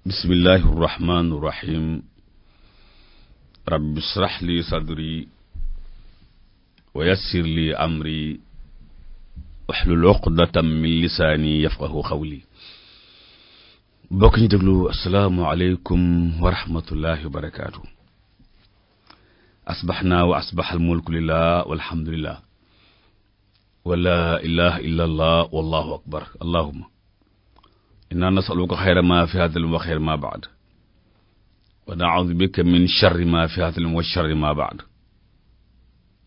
bismillahi irrahmani irrahim rabbi israh li sadri wa yassir li amri waxlul uqdatam min lisaani yafqahu xawli bokk ñu déglu asalaamualeykum wa rahmatullahi wa barakaatu asbaxnaa wa asbaxal mulku lillah walhamdulillah wa laa ilaha illa allah wallahu akbar allahuma inna nasaluka xayra ma fi hadalim wa xayra ma baad wa naudu bika min charri ma fi hadalim wa charri ma baad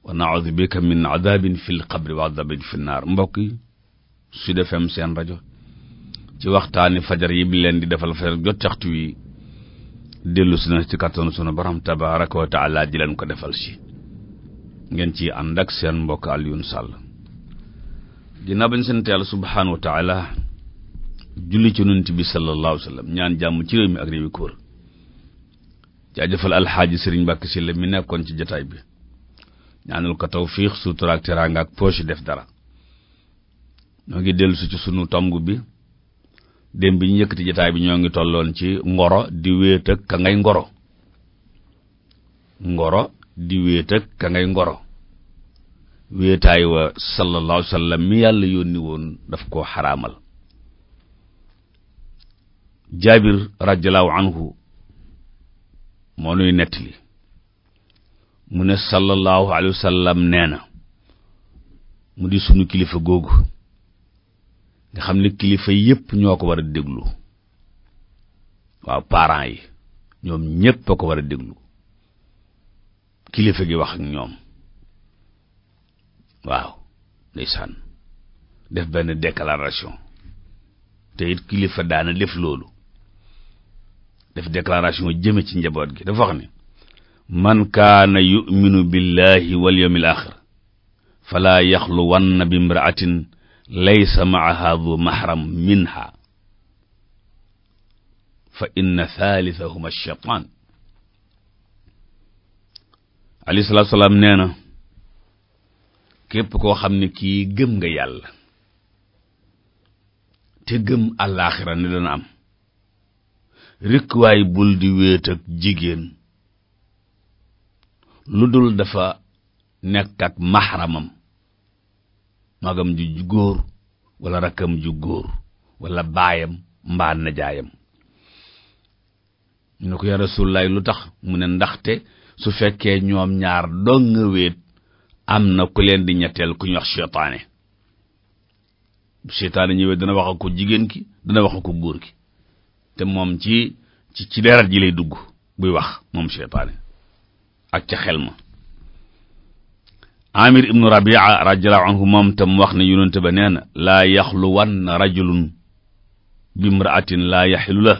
wa naudu bika min adabin fi lqabri wa adabin fi naar mbokk yi Sud seen rajo ci waxtaani fajar yi bi leen di defal fajar jot waxtu wi dellu si na ci kattanu sunu borom tabaraka wa taala di leen ko defal si ngeen ci ànd ak seen mbokk Alioune Sall dina bañ seen teel subhaanahu wa taala julli ci yonent bi sallallahu alayhi ñaan jàmm ci réew mi ak réew yi ko alxaaji sëriñ Mbàkke Sylla mi nekkoon ci jataay bi ñaanul ko tawfiix sutura ak teraanga ak poche def dara ñoo ngi dellusi ci sunu tomb bi démb bi ñu yëkkati jataay bi ñoo ngi tolloon ci ngoro di wéet ak ka ngay ngoro ngoro di wéet ak ka ngay ngoro wéetaay wa sallallahu alayhi mi yàlla yónni woon daf koo xaraamal jaabir radiallahu anhu moo nuy nettali mu ne sallallahu alayhi wa sallam nee na mu di sunu kilifa googu nga xam ne kilifa yépp ñoo ko war a déglu waaw parents yi ñoom ñépp a ko war a déglu kilifa gi wax ak ñoom waaw ndeysaan def benn déclaration te it kilifa daana def loolu def déclaration jëme ci njaboot gi dafa wax ne man kaana yuminu billahi wal yawmil axir falaa yaxluwanna bi imraatin laysa maaha du mahram minha fa inna thalithahuma shaytaan alayhi salaatu salaam nee na képp koo xam ne kii gëm nga yàlla te gëm àllaaxira ne rikkwaay bul di wéet ak jigéen lu dul dafa nekk ak maxramam magam ju góor walla rakkam ju góor walla baayam mbaa najaayam ñu ne ko yaa Rasulullaay lu tax mu ne ndaxte su fekkee ñoom ñaar dong nga wéet am na ku leen di ñetteel ku ñu wax seytaane seytaane ñëwee dana wax ak ko jigéen ki dana wax ko góor ki te moom ci ci ci deret ji dugg buy wax moom seytaane ak ca xel ma amir ibnu rabia radiallahu anhu moom tam wax ne yonente ba nee na laa yaxluwan rajulun bi imraatin laa yaxilu la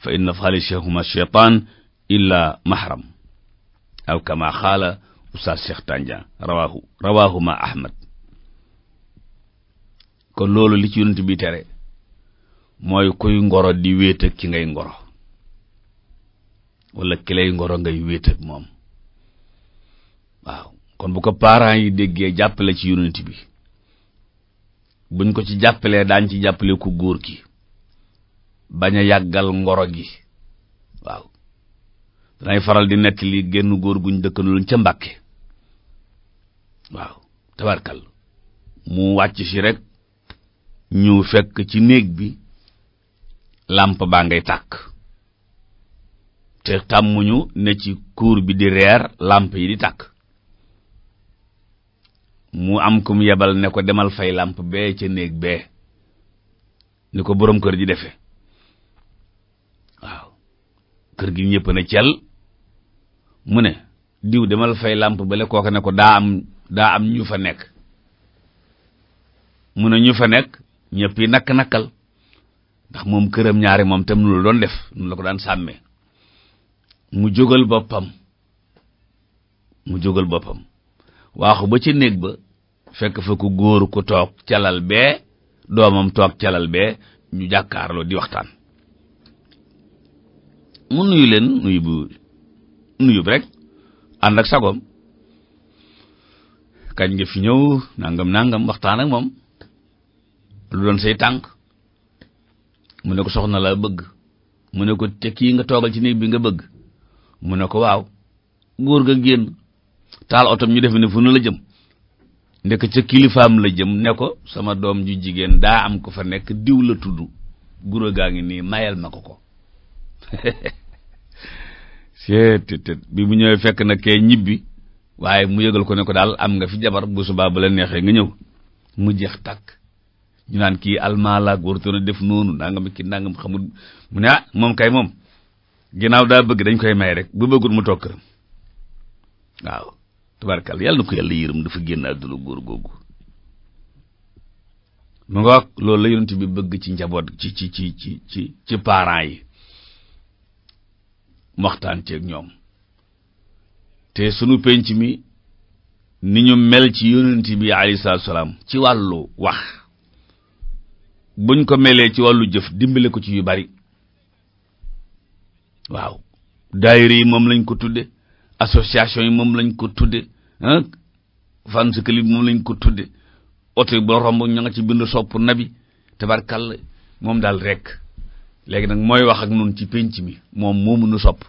fa inna xaalisahuma cheytaan illa mahram aw kama xaala oustaz Cheikh Tandian rawaahu rawaahuma ahmad kon loolu li ci yonente bi tere mooy kuy ngoro di wéet ak ki ngay ngoro wala ki ngoro ngay wéet ak moom waaw kon bu ko parents yi déggee jàppale ci yonent bi buñ ko ci jàppalee daañ ci jàppale ku góor gi bañ a yàggal ngoro gi waaw danay faral di nett li génn góor guñ dëkkandoon ca Mbàkke waaw tabarkal mu wàcc si rek ñu fekk ci néeg bi làmp baa ngay tàkk te tàmmuñu ne ci kuur bi di reer làmp yi di tàkk mu am kum yebal ne ko demal fay làmp bee ca néeg bee ni ko boroom kër ji defe waaw kër gi ñëpp na cel mu ne diw demal fay làmp bale kooka ne ko daa am daa am ñu fa nekk mu ne ñu fa nekk ñëpp yi nakk-nakkal ndax moom këram ñaari moom tam nu la doon def nu la ko daan sàmmee mu jógal boppam mu jógal boppam waaxu ba ci néeg ba fekk fa ku góor ku toog calal bee doomam toog calal bee ñu jàkkaarloo di waxtaan mu nuyu leen nuyu bu nuyu bi rek ànd ak sagoom kañ nga fi ñëw nangam nangam waxtaan ak moom lu doon say tànk mu ne ko soxna laa bëgg mu ne ko te kii nga toogal ci nii bi nga bëgg mu ne ko waaw góor ga génn taal otom ñu def ne fu nu la jëm ndek ca kilifaam la jëm ne ko sama doom ju jigéen daa am ko fa nekk diw la tudd gura gaa ngi nii mayal ma ko ko seetetet bi bu ñëwee fekk na kee ñibbi waaye mu yëgal ko ne ko daal am nga fi jabar bu subaa ba la neexee nga ñëw mu jeex tàkk ñu naan kii almaalaak warutoon a def noonu nangam ki nangam xamul mu ne ah moom kay moom ginnaaw daa bëgg dañ koy may rek bu bëggul mu toog këram waaw tubaarkàlla yàlla na ko yàlla yërëm dafa génn àdduna góor googu mu nga wax loolu la yonent bi bëgg ci njaboot ci ci ci ci ci ci parents yi waxtaan ceeg ñoom te sunu penc mi ni ñu mel ci yonent bi alayhi salaatu salaam ci wàllu wax buñ ko melee ci wàllu jëf dimbale ko ci yu bari waaw daayira yi moom lañ ko tudde association yi moom lañ ko tudde fan si moom lañ ko tudde oto yi ba romb ña nga ci bind sopp nabi tabarkàlla moom daal rekk léegi nag mooy wax ak nun ci pénc mi moom moo nu sopp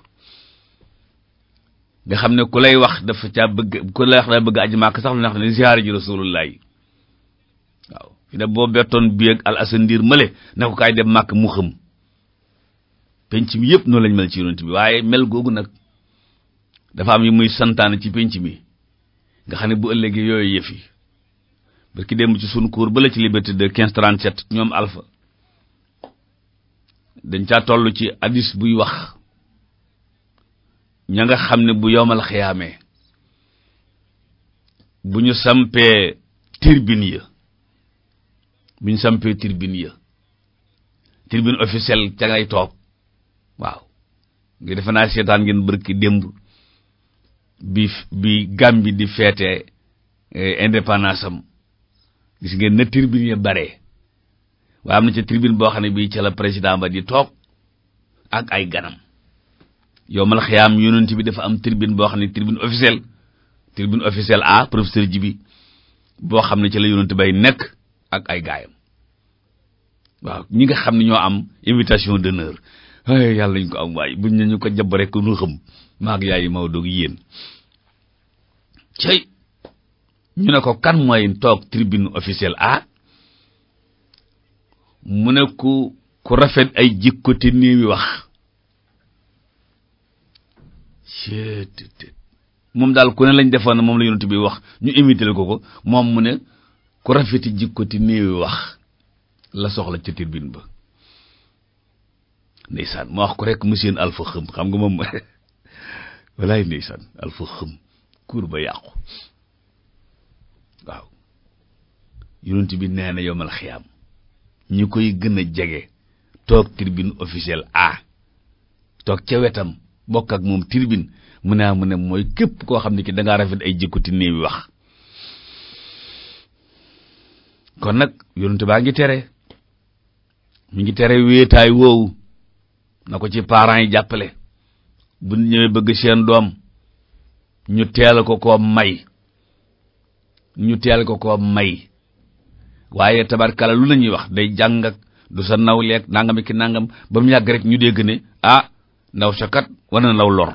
nga xam ne ku lay wax dafa caa bëgg ku lay wax daa bëgg aji màkk sax lu neex ne ziyaara ji rasulullah yi fi boo bettoon bi ak al asandir male ne ko kaay dem màkk mu xëm penc mi yëpp noonu lañ mel ci yonent bi waaye mel googu nag dafa am yu muy santaane ci penc mi nga xam ne bu ëllëgee yooyu yëf yi parce que dem ci sunu cours ba la ci liberté de 1537 ñoom alfa dañ caa toll ci hadis buy wax ña nga xam ne bu yowmal xiyaamee bu ñu sampee tirbin ya buñ sampee tribune ya tribune officielle ca ngay toog waaw ngi defe naa seetaan ngeen bërki démb bi bi Gambie di feete eh, indépendance am gis ngeen na tribune ya bare waaye am na ca tribune boo xam ne bi ca la président ba di toog ak ay ganam yow mal xiyaam yonent bi dafa am tribune boo xam ne tribune officielle tribune officielle a professeur Djibi boo xam ne ci la yonent bay nekk ak ay gaayam waaw ñi nga xam ne ñoo am invitation de ay yàlla ñu ko am waaye buñ ne ñu ko jàpp rek nu xam maag yaay Maodo yéen cey ñu ne ko kan mooy toog tribune officielle a mu ne ku ku rafet ay jikko te néewi wax moom daal ku ne lañ defoon moom la yonent bi wax ñu imité ko ko moom mu ne ku rafeti jikko ti néewi wax la soxla ca tirbin ba ndeysaan ma wax ko rek monsieur alfa xëm xam nga moom walaay ndeysaan alfa xëm kuur ba yàqu waaw yonent bi nee na yomal xiyaam ñi koy gën a jege toog tribune officielle a toog ca wetam bokk ak moom tribune mu ne ah, mu ne mooy képp koo xam ne ki dangaa rafet ay jikko ti néewi wax kon nag yonent baa ngi tere mi ngi tere wéetaay woowu na ko ci parents yi jàppale bu ñëwee bëgg seen doom ñu teel ko koo may ñu teel ko koo may waaye tabarkala lu la ñuy wax day jàng ak du sa naw leeg nangam ki nangam ba mu yàgg rekk ñu dégg ne ah ndaw sa kat war na law lor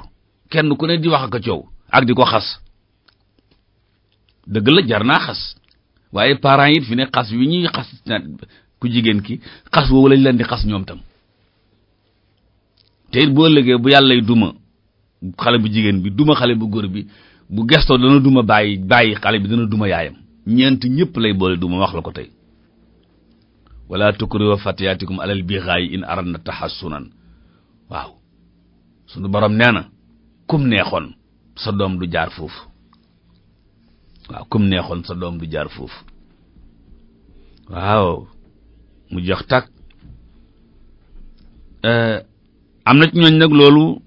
kenn ku ne di wax ak a coow ak di ko xas dëgg la jar naa xas waaye parent yi fi ne xas wi ñuy xas ku jigéen ki xas woowu lañ leen di xas ñoom tam te boo lëgee bu yàlla yàllay duma xale bu jigéen bi duma xale bu góor bi bu gestoo dana duma bàyyi bàyyi xale bi dana duma yaayam ñeent ñëpp lay boole duma wax la ko tey wala tukrihu fatiyaatikum alal bighaayi in na tahassunan waaw sunu borom nee na kum neexoon sa doom du jaar foofu waaw comme neexoon sa doom du jaar foofu waaw mu jox tàkk eh, am na ci ñooñ nag loolu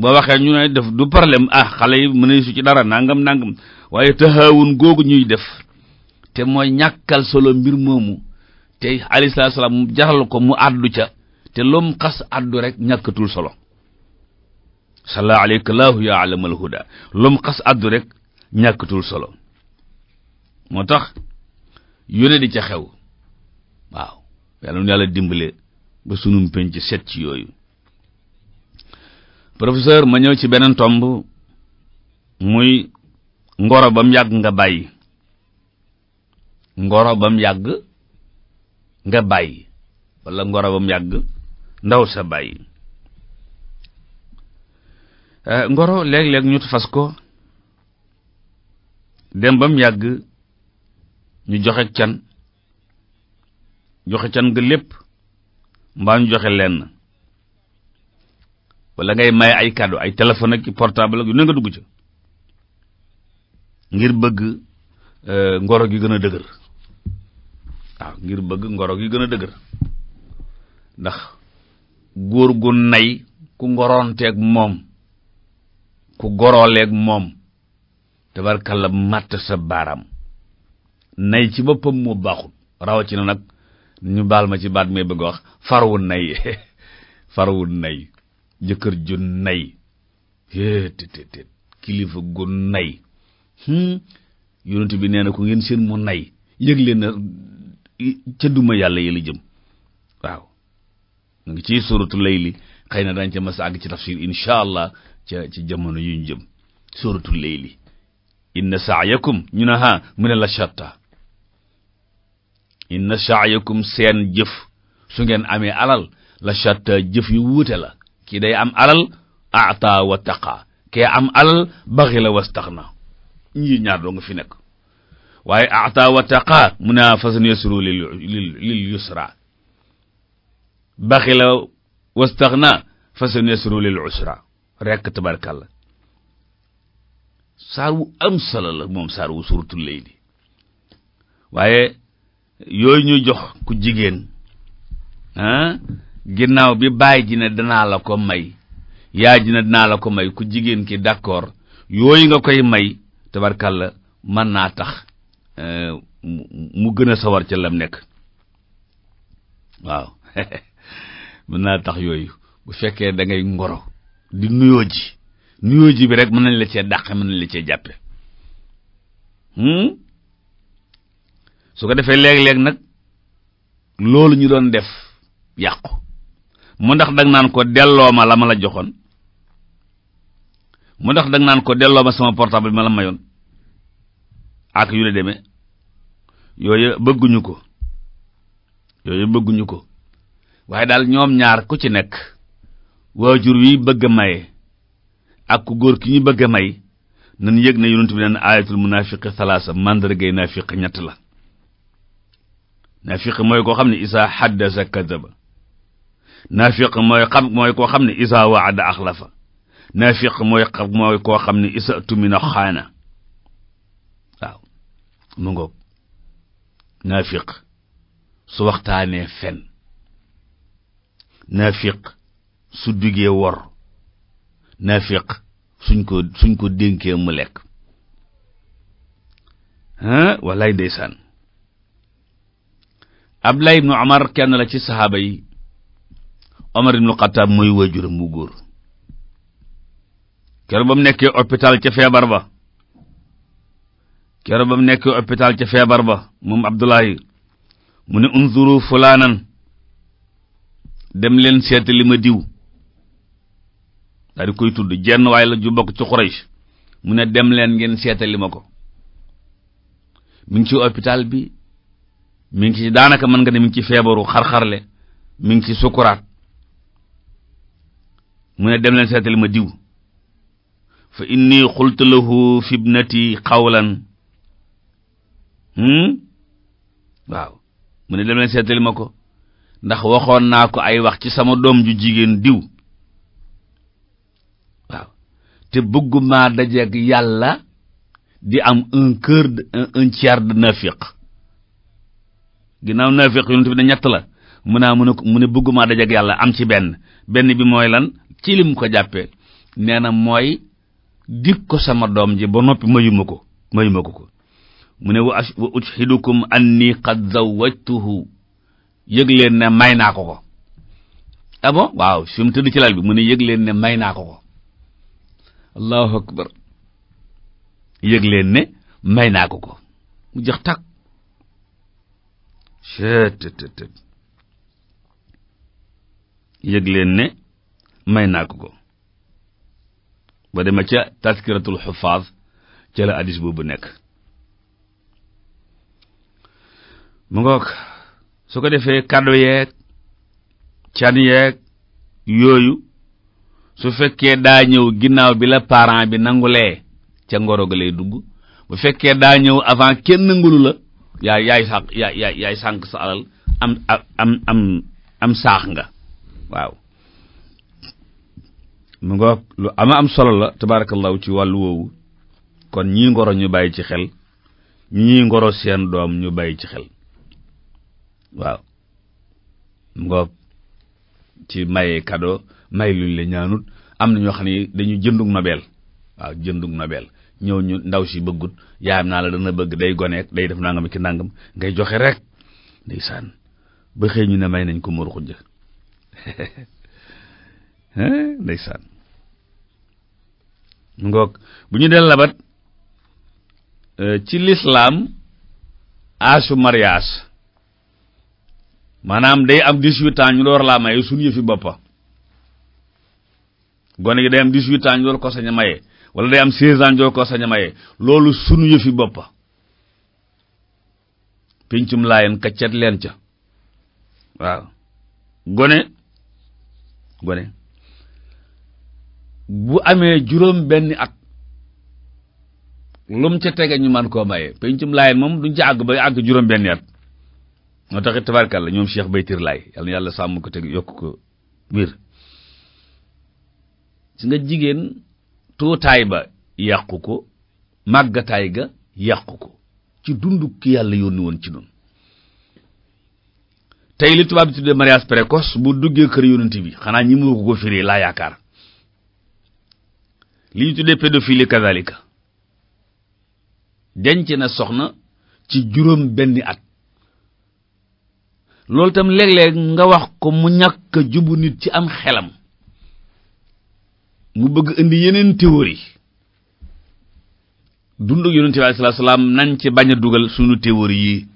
ba waxee ñu ne def du problème ah xale yi mën su ci dara nangam nangam waaye taxawun googu ñuy def te mooy ñàkkal solo mbir moomu te alayhi salaam mu jaral ko mu àddu ca te lom xas àddu rek ñàkkatul solo sala alayka laahu ya alamal huda lom xas àddu rek ñàkkatul solo moo tax yóne di ca xew waaw yàlla nu yàlla dimbale ba sunum penc set ci yooyu professeur ma ñëw ci beneen tomb muy ngoro bam yàgg nga bàyyi ngoro bam yàgg nga bàyyi wala ngoro bam yàgg ndaw sa bàyyi eh, ngoro léeg-léeg ñu fas ko dem ba mu yàgg ñu joxe can joxe can nga lépp mbaa ñu joxe leen walla ngay maye ay kàddu ay téléphone ak portable ak yu ne nga dugg ca ngir bëgg euh, ngoro gi gën a dëgër waaw ngir bëgg ngoro gi gën a dëgër ndax góor gu nay ku ngoroonteeg moom ku gorooleeg moom tabarkalla màtt sa baaraam nay ci boppam moo baaxul rawatina nag ñu baal ma ci baat may bëgg wax farwu nay farwu nay jëkkër ju nay kilifa gu nay hmm? yonent bi nee na ko ngeen seen mu nay yëg leen na ca duma yàlla yi la jëm waaw mu ngi ciy suuratu layli xëy na dañ ca mas àgg ci tafsir insha allah ca ci jamono yu ñu jëm suuratu layli inna sa'yakum ñu ne ha mu ne la shatta inna sa'yakum seen jëf su ngeen amee alal la shatta jëf yu wuute la kii day am alal a'ta wa taqa kee am alal baxila wastaxna ñii ñaar doo fi nekk waaye a'ta wa mu ne fasan yasru lil lil yusra baxila wastaxna fasan yasru lil usra rekk tabarkàlla saar wu am solo la moom saar wu suratul layli waaye yooyu ñu jox ku jigéen ah, ginnaaw bi baay ji ne danaa la ko may yaay ji ne danaa la ko may ku jigéen ki d'accord yooyu nga koy may tabarkàlla mën naa tax eh, mu gën a sawar ca lam nekk waaw mën naa tax yooyu bu fekkee dangay ngoro di nuyoo ji nuyoo ji bi rek mën nañ la cee dàqe mën nañ la cee jàppe hmm? su ko defee léeg-léeg nag loolu ñu doon def yàqu mu ndax dag naan ko delloo ma la ma la joxoon mu ndax dag naan ko delloo ma sama portable bi ma la mayoon ak yu la demee yooyu bëgguñu ko yooyu bëgguñu ko waaye daal ñoom ñaar ku ci nekk waajur wi bëgg a maye ak ku góor ki ñu bëgg a may nan yëg na yonent bi neen aayatul munaafiqi salaasa màndargay naafiq ñett la naafiq mooy koo xam ne isaa haddasa kadaba naafiq ne isaa waada axlafa naafiq mooy xam mooy koo xam ne isaa tumina xaana waaw mu ngoog naafiq su waxtaanee fen naafiq su duggee wor naafiq suñ ko suñ ko dénkee mu lekk wallaay ndeysaan Abdullah ibnu Omar kenn la ci saxaaba yi Omar ibnu Xattaab mooy waajuram bu góor keroog ba mu nekkee hôpital ca ba keroog ba mu nekkee hôpital ca feebar ba moom Abdullahi mu ne unzuru fulaanan dem leen li ma diw daal di koy tudd jenn waaye la ju bokk ci Quraysh mu ne dem leen ngeen seetali ma ko mi ngi ci hôpital bi mi ngi ci daanaka mën nga ne ci feebaru xar mi ngi ci sukuraat mu ne dem leen seetali ma diw fa inni xultu lahu fibnati xawlan hmm? waaw mu ne dem leen seetali ma ko ndax waxoon naa ko ay wax ci sama doom ju jigéen diw te bëgguma dajeeg yàlla di am un cœur un tiers de nafiq ginnaaw nafiq bi ne ñett la mu naa mu ne mu ne bëgguma dajeeg yàlla am ci benn benn bi mooy lan ci lim ko jàppe nee na mooy dig ko sama doom ji ba noppi mayuma ko mayuma ko ko mu ne wa ushhidukum anni qad zawwajtuhu yëg leen ne may naa ko ko ah bon waaw fi tëdd ci lal bi mu ne yëg leen ne may naa ko ko allahu akbar yëg leen ne may naa ko ko mu jox tàkk cetttët yëg leen ne may naa ko ko ba dema ca taskiratul xufaaz ca la addis boobu nekk mu ngoog su ko defee kàddu yeeg can yeeg yooyu su fekkee daa ñëw ginnaaw bi la parent bi nangulee ca ngoro ga lay dugg bu fekkee daa ñëw avant kenn nangulu la yaay yaay sànq yaay yaay sa alal am am saax nga waaw mu nga lu ama am solo la tabaarakallaahu ci wàllu woowu kon ñii ngoro ñu bàyyi ci xel ñii ngoro seen doom ñu bàyyi ci xel waaw mu nga ci maye kado may luñ la ñaanut am na ñoo xam ne dañuy jëndug nobel waaw jëndug nobel ñëw ñu ndaw si bëggut yaayam naa la dana bëgg day goneek day def nangam ki nangam ngay joxe rek ndeysaan ba ne may nañ ko Mor Khoudia ndeysaan ngoog bu ñu del labat euh, ci lislaam asu mariage maanaam day am dix-huit ans ñu door laa may suñu yëfi boppa gone gi day am 18 ans ñu war ko sañ a wala day am 16 ans ñu war ko sañ a maye loolu sunu yëfi boppa pincum laayen kaccat leen ca waaw gone gone bu amee juróom benn at lu mu ca tege ñu man koo maye pencum laayeen moom duñ ca àgg ba àgg juróom benn at moo taxit tabarkàlla ñoom Cheikh Baytir Laay yàlla yàlla sàmm ko teg yokk ko wér si nga jigéen tuutaay ba yàqu ko màggataay ga yàqu ko ci dundu yàlla yónni woon ci noonu tey li tubaab bi tuddee mariage précoce bu duggee kër yonent bi xanaa ñi mënu ko ko firee laa yaakaar li ñu tuddee pédophilie kazalika denc na soxna ci juróom benni at loolu tam léeg-léeg nga wax ko mu ñàkk jubu nit ci am xelam mu bëgg indi yeneen théorie dund ak yonent salaam nañ ci bañ a dugal suñu théorie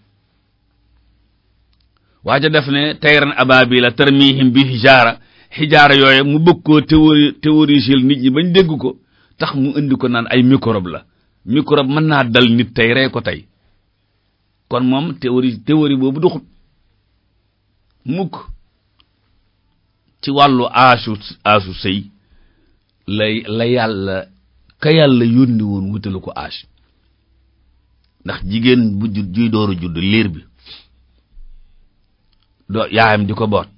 waa waaja def ne tayran abaabila tarmihim bi hijaara hijaara yooyu mu bëgg koo théorie théorie nit ñi bañ dégg ko tax mu indi ko naan ay microbe la microbe mën naa dal nit tey rey ko tey kon moom théorie théorie boobu doxut mukk ci wàllu aasu aasu sëy la yàlla ka yàlla yónni woon wutalu ko âge ndax jigéen bu jud juy dooru judd liir bi do yaayam di ko boot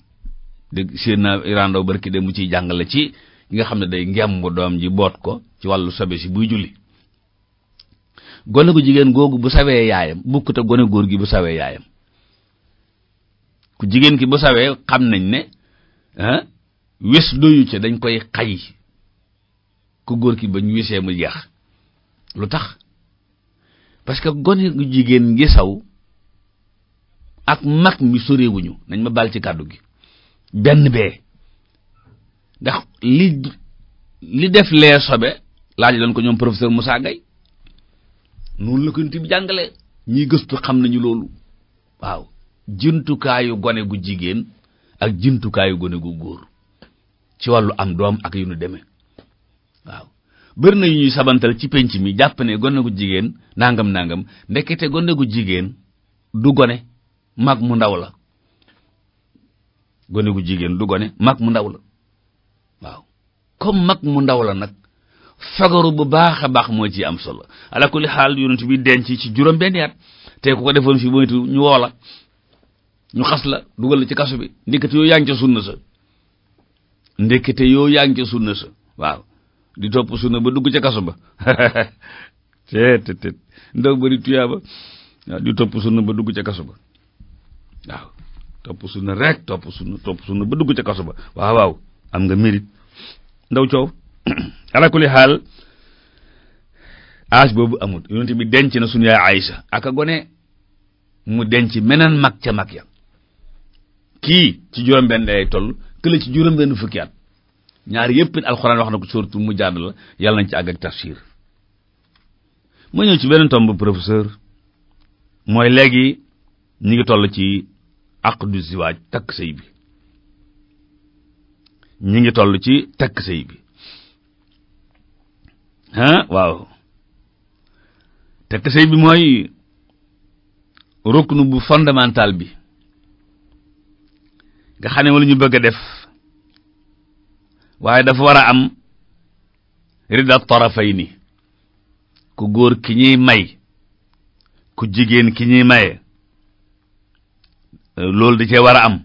dégg seen na irando barki de mu ciy jàngale ci nga xam ne day ngemb doom ji boot ko ci wàllu sobe si buy julli gone gu jigéen googu bu sawee yaayam bukkute gone góor gi bu sawee yaayam ku jigéen ki bu sawee xam nañ ne ah, wis doyu ca dañ koy xay ku góor ki ba ñu wisee mu jeex lu tax parce que gone gu jigéen ngi saw ak mag mi sorewuñu nañ ma baal ci kàddu gi benn bee ndax li li def lee sobe laaj doon ko ñoom professeur Moussa Gaye noonu la ko nit bi jàngale ñiy gëstu xam nañu loolu waaw jëntukaayu gone gu jigéen ak jëntukaayu gone gu góor ci wàllu am doom ak yu nu demee waaw bëri na yu ñuy sabantal ci penc mi jàpp ne gone gu jigéen nangam nangam ndekete gone gu jigéen du gone mag mu ndaw la gone gu jigéen du gone mag mu ndaw la waaw comme mag mu ndaw la nag fagaru bu baax a baax moo ci am solo ala kulli xaal yonent bi denc ci juróom benn at te ku ko defoon fi moytu ñu woo la ñu xas la dugal la ci kasu bi ndekete yoo yaa ngi ca sunna sa ndekete yoo yaa ngi ca sunna sa waaw di topp sunna ba dugg ca kaso ba teet teet ndaw bari tuyaaba waaw di topp sunna ba dugg ca kaso ba waaw topp sunna rek topp sunna topp sunna ba dugg ca kaso ba waaw waaw am nga mérite ndaw coow ala kulli xaal âge boobu amul yonent bi denc na suñu yaay Aïcha aka gone mu denc meneen mag ca mag ya kii ci juróom-benn lay toll kële ci juróom-benn fukki ñaar yëpp alxuraan wax na ko surtout mu jaadu la yàlla nañ ci àgg ak tafsir ma ñëw ci beneen tomb professeur mooy léegi ñu ngi toll ci aqdu ziwaaj takk sëy bi ñu ngi toll ci takk sëy bi ah waaw takk sëy bi mooy ruknu bu fondamental bi nga xam ne wala ñu bëgg a def waaye dafa war a am fay tarafayni ku góor ki ñuy may ku jigéen ki ñuy maye euh, loolu di cee war a am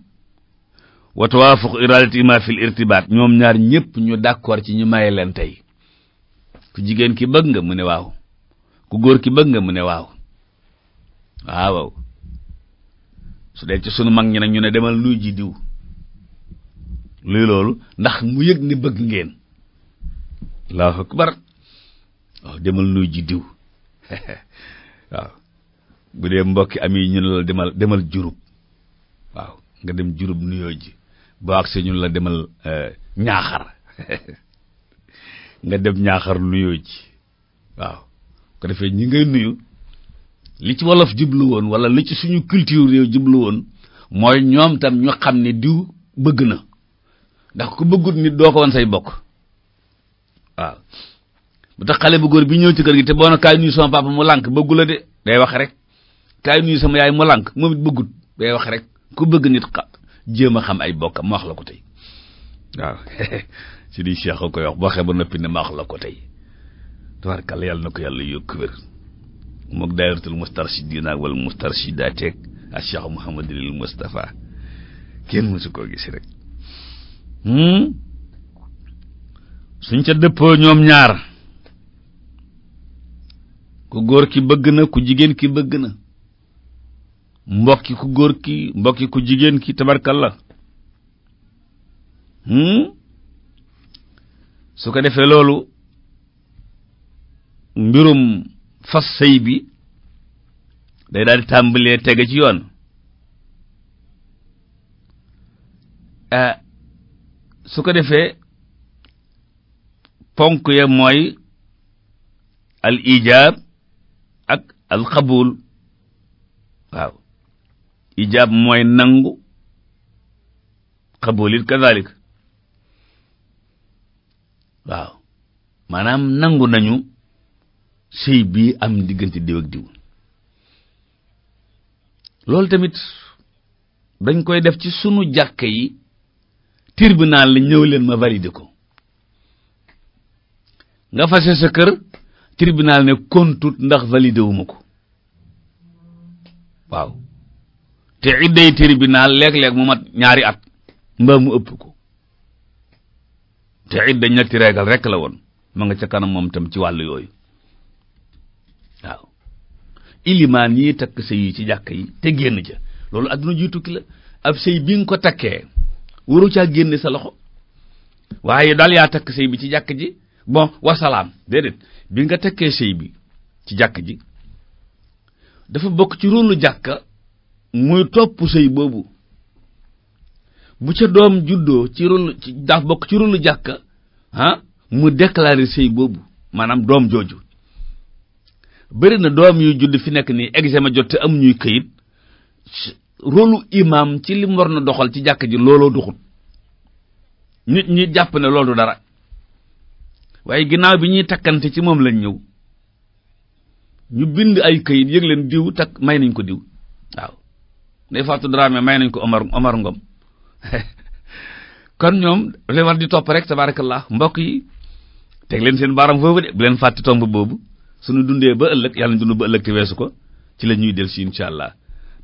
wa tawaafuq iradatihimaa fi irtibaat ñoom ñaar ñëpp ñu d'accord ci ñu maye leen tey ku jigéen ki bëgg nga mu ne waaw ku góor ki bëgg nga mu ne waaw waaw su dee ci sunu mag ñi nag ñu ne demal nuy ji diw luy loolu ndax mu yëg ne bëgg ngeen allahu akbar waaw demal nuy ji diw waaw bu dee mbokki am yi ñun la demal demal jurub waaw nga dem jurub nuyoo ji boo agsee ñun la demal eh, ñaaxar nga dem ñaaxar nuyoo ji waaw ko defee ñi ngay nuyu li ci wolof jublu woon wala li ci suñu culture réew jublu woon mooy ñoom tam ñu xam ne diw bëgg na ndax ku bëggut nit doo ko wan say bokk waaw bu tax xale bu góor bi ñëw ci kër gi te boo na kaay nuyu sama papa mu lànk bëggu de day wax rek kaay nuyu sama yaay mu lànk moom it bëggut day wax rek ku bëgg nit xa jéem a xam ay bokkam ma wax la ko tey waaw si di Cheikh ba noppi ne ma la ko tey tabarkàlla yàlla na ko yàlla yokk wér mook daayratul mustarshidina wal mustarshidateeg ak Cheikh Mouhamadul Moustapha kenn mësu koo gis rek Hmm? suñ ca dëppoo ñoom ñaar ku góor ki bëgg na ku jigéen ki bëgg na mbokki ku góor ki mbokki ku jigéen ki tabarkalla hmm? su ko defee loolu mbirum fas sëy bi day daal di tàmbalee tege ci yoon eh, su ko defee ponk ya mooy al ijaab ak al xabul waaw ijaab mooy nangu xabul it kadalik waaw maanaam nangu nañu sëy bii am diggante diw ak diw loolu tamit dañ koy def ci sunu jàkka yi tribunal la ñëw leen ma validé ko nga fase sa kër tribunal ne kontut ndax validé wu ko waaw te idday tribunal léeg-léeg mu mat ñaari at mbaa mu ëpp ko te idda ñetti reegal rekk la woon ma nga ca kanam moom tam ci wàllu yooyu waaw ilimaan yi takk sëy yi ci jàkk yi te génn ca loolu adduna jiy tukki la ab sëy bi nga ko takkee waru caa génne sa loxo waaye daal yaa takk sëy bi ci jàkk ji bon wasalaam déedéet bi nga tekkee sëy bi ci jàkk ji dafa bokk ci rôlu jàkk muy topp sëy boobu bu ca doom juddoo ci rôlu ci dafa bokk ci rôlu jàkka ah, mu déclarer sëy boobu maanaam doom jooju bëri na doom yuy judd fi nekk nii examen jot te am ñuy këyit rôlu imam ci lim war na doxal ci jàkk ji looloo duxut nit ñi jàpp ne loolu dara waaye ginnaaw bi ñuy takkante ci moom lañ ñëw ñu bind ay këyit yëg leen diw takk may nañ ko diw waaw day fàttu Dramé may nañ ko Omar Omar Ngom kon ñoom dafay di topp rek tabarakallah mbokk yi teg leen seen baaram foofu de bu leen fàtte tomb boobu suñu dundee ba ëllëg yàlla ñu dund ba ëllëg te weesu ko ci la ñuy del si incha allah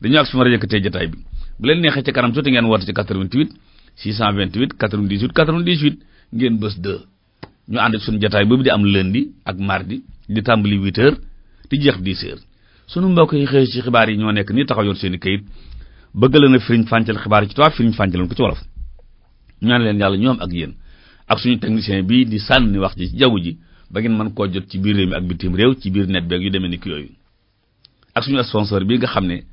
dañoo ak fi war a yëkkatee jotaay bi bu leen neexee ci kanam tuuti ngeen woote ci 88 628 98 98 ngeen bës 2 ñu ànd boobu di am lundi ak mardi di tàmbali 8h jeex 10h sunu mbokk yi xëy ci xibaar yi ñoo nekk nii taxaw yoon seen i kayit bëgg la na firiñ fàncal xibaar yi ci tubaab firiñ fàncaloon ko ci wolof ñaan leen yàlla ñoom ak yéen ak suñu technicien bii di sànni wax ji ci jaww ji ba ngeen mën koo jot ci biir réew mi ak bitim réew ci biir net beeg yu demee ni ki yooyu ak suñu sponsor bi nga xam ne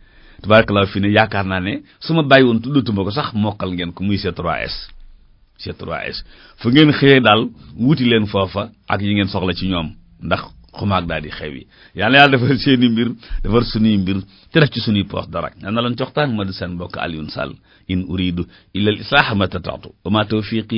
tubaarkalla fi ne yaakaar naa ne su ma bàyyi woon tuddatuma ko sax mokkal ngeen ko muy C3S fu ngeen xëyee daal wuti leen foofa ak yi ngeen soxla ci ñoom ndax xumaag daal di xew yi yàlla yàlla defar seeni mbir defar suñuy mbir te def ci suñuy poos dara yal na leen coxtaan ma du seen mbokk Alioune Sall in uridu illa al islaaha ma tataatu wa ma tawfiqi